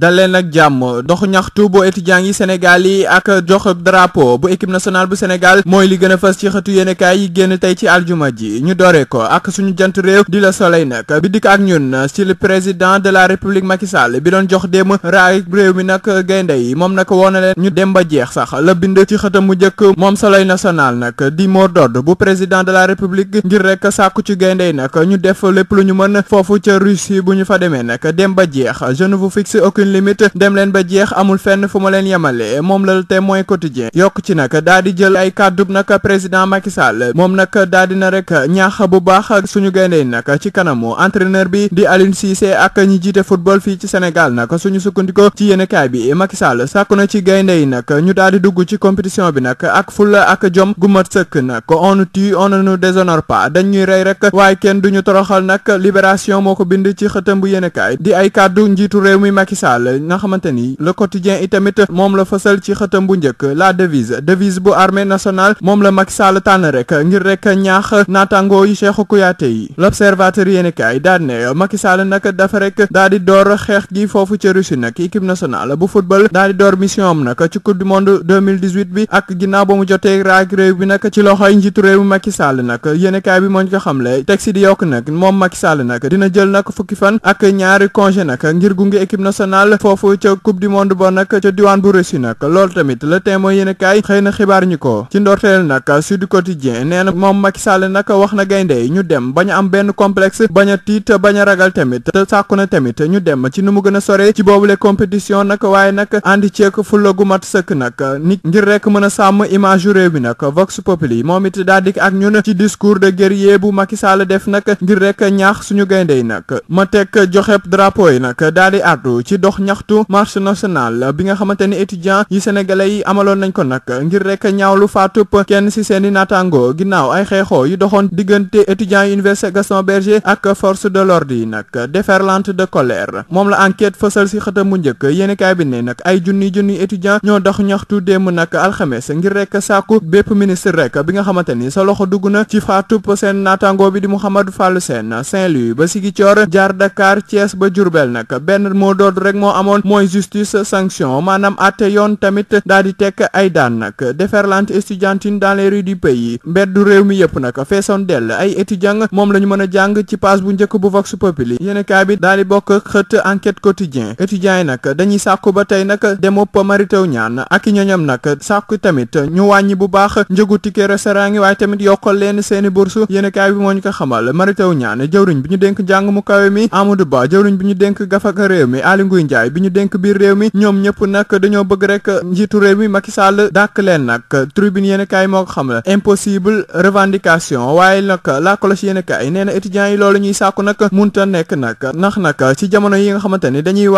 daleen ak jàmm dox ñaxtu bu étudiants yi Sénégal yi ak jox drapeau bu équipe nationale bu Sénégal mooy li gën a fës ci xëtu yéenekaay yi génn tey ci aljuma ji ñu doore ko ak suñu jant réew di la soleil nag bi dikk ak ñun ci le président de la république Macky Sall bi doon jox dem raay réew mi nag gaynde yi moom nag woon na leen ñu dem ba jeex sax la bind ci xëtam mu njëkk moom soleil national nag di moo d'ordre bu président de la république ngir rek sàkku ci gaynde yi nag ñu def lépp lu ñu mën foofu ca Russie bu ñu fa demee nag dem ba jeex aucune limite dem leen ba jeex amul fenn fu ma leen yemale moom la témoin quotidien yokk ci nag daa di jël ay kàddub nag président Macky Sall moom nag daa na rek ñaax bu baax suñu yi nag ci kanamu entraîneur bi di Aliou Cissé ak ñi jiite football fii ci Sénégal nag suñu sukkandiko ci kaay bi Macky Sall sàkku na ci gaynde yi nag ñu daal di dugg ci compétition bi nag ak fulla ak jom gu mat sëkk nag on nous tue on ne nous pas dañ ñuy rey rek waaye kenn duñu toroxal nag libération moo ko bind ci xëtam Sénégal nga xamante ni le quotidien itamit moom la fësal ci xëtam bu njëkk la devise devise bu armée nationale moom la Macky Sall tànn rek ngir rek ñaax naataangoo yi Cheikhou Kouyaté yi l'observateur yéeni kaay daan ne Macky dafa rek daa door xeex gi foofu ca Russie nag nationale bu football daa door mission am nag ci coupe du monde bi ak ginnaaw ba mu jotee raag réew bi nag ci loxoy njiitu réew Macky Sall nag yéeni bi moo ko xamle teg si di yokk nag moom Macky Sall nag dina jël nag fukki fan ak ñaari congé nag ngir gunge équipe finale foofu ca coupe du monde ba nag ca diwaan bu Russie nag loolu tamit le témoin yéen a kaay xëy na xibaar ñu ko ci ndorteel nag Sud Quotidien nee na moom Macky Sall wax na gaynde ñu dem bañ a am benn complexe bañ a tiit bañ ragal tamit te sàkku na tamit ñu dem ci nu mu gën a sore ci boobule compétition nag waaye nag andi fu fulla gu mat sëkk nag nit ngir rekk mën a sàmm image yu réew mi nag Vox Populi moom it daal dik ak ñun ci discours de guerrier bu Macky Sall def nag ngir rek ñaax suñu gaynde yi nag ma tek joxe drapeau yi dox ñaxtu marche nationale bi nga xamante ni étudiant yi sénégalais yi amaloon nañ ko nag ngir rek ñaawlu faatup kenn ci seeni naataango ginnaaw ay xeexoo yu doxoon diggante étudiant yi université Gaston Berger ak force de l'ordre yi nag déferlante de colère moom la enquête fësal ci xëtam mu njëkk yéenekaay bi ne nag ay junni junni étudiant ñoo dox ñaxtu démb nag alxames ngir rek sàkku bépp ministre rek bi nga xamante ni sa loxo dugg na ci faatub seen naataango bi di Mouhamadou Fallou Sène Saint-Louis ba Ziguinchor jaar Dakar Thiès ba Diourbel nag benn moo amoon mooy justice sanction maanaam àtte yoon tamit daal di tekk ay daan nag déferlante estudiantine dans les rues du pays mbeddu réew mi yëpp nag feesoon dell ay étudiants moom la ñu mën a jàng ci page bu njëkk bu Vox Populi yéenekaay bi daal di bokk xët enquête quotidien étudiants yi nag dañuy sàkku ba tey nag demop maritaw ñaan ak ñoñam nag sàkku tamit ñu wàññi bu baax njëgu ticket restaurant yi waaye tamit yokkal leen seeni bourse yéenekaay bi moo ñu ko xamal maritaw ñaan jëwriñ bi ñu dénk njàng mu kawe mi Amadou Ba jëwriñ bi ñu dénk gafaka réew mi Aly Ngouille Ndiaye bi ñu dénk biir réew mi ñoom ñëpp nag dañoo bëgg rek njiitu réew mi Macky Sall dàkk leen nag tribune yéen moo ko xam la impossible revendication waaye nag la cloche yéen yi loolu ñuy sàkku nag munta nekk nag ndax nag ci jamono yi nga xamante ni dañuy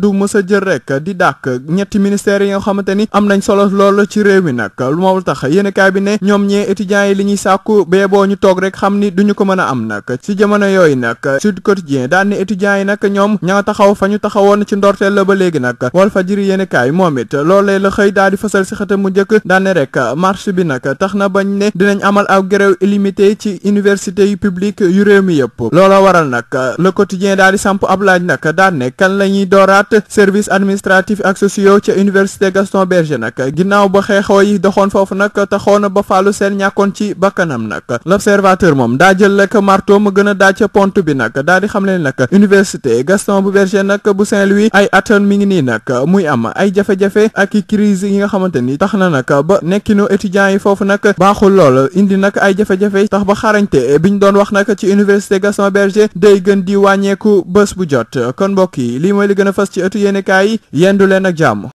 du mës a jël rek di dàkk ñetti ministères yi nga xamante ni am nañ solo lool ci réew mi nag lu moom tax yéen kaay bi ne ñoom ñee étudiants yi li ñuy sàkku bee boo ñu toog rek xam ni duñu ko mën a am nag ci jamono yooyu nag Sud Quotidien ne étudiants yi nag ñoom ña nga taxaw fa ñu taxawoon ci ndorteel la ba léegi nag wal fajiri yéenekaay moom it loolee la xëy daal fësal si mu njëkk daane rek marche bi nag tax na ba ne dinañ amal aw grève illimité ci université yu publique yu réew mi yëpp loola waral nag le quotidien daal di samp ab laaj nag daan ne kan la ñuy dooraat service administratif ak sociaux ca université Gaston Berger nag ginnaaw ba xeexoo yi doxoon foofu nag taxoon ba faalu seen ñàkkoon ci bakkanam nag l'observateur moom daa jël lekk marto mu gën a daa ca pont bi nag nag université Gaston Berger nag bu Saint-Louis ay atan mi ngi nii nag muy am ay jafe-jafe ak crise yi nga xamante ni tax na nag ba nekkinu étudiants yi foofu nag baaxul lool indi nag ay jafe-jafe tax ba xarañte ñu doon wax nag ci université Gaston Berger day gën di wàññeeku bés bu jot kon mbokk yi lii mooy li gën a fas ci ëttu yéenekaay yi yendu leen ak jàmm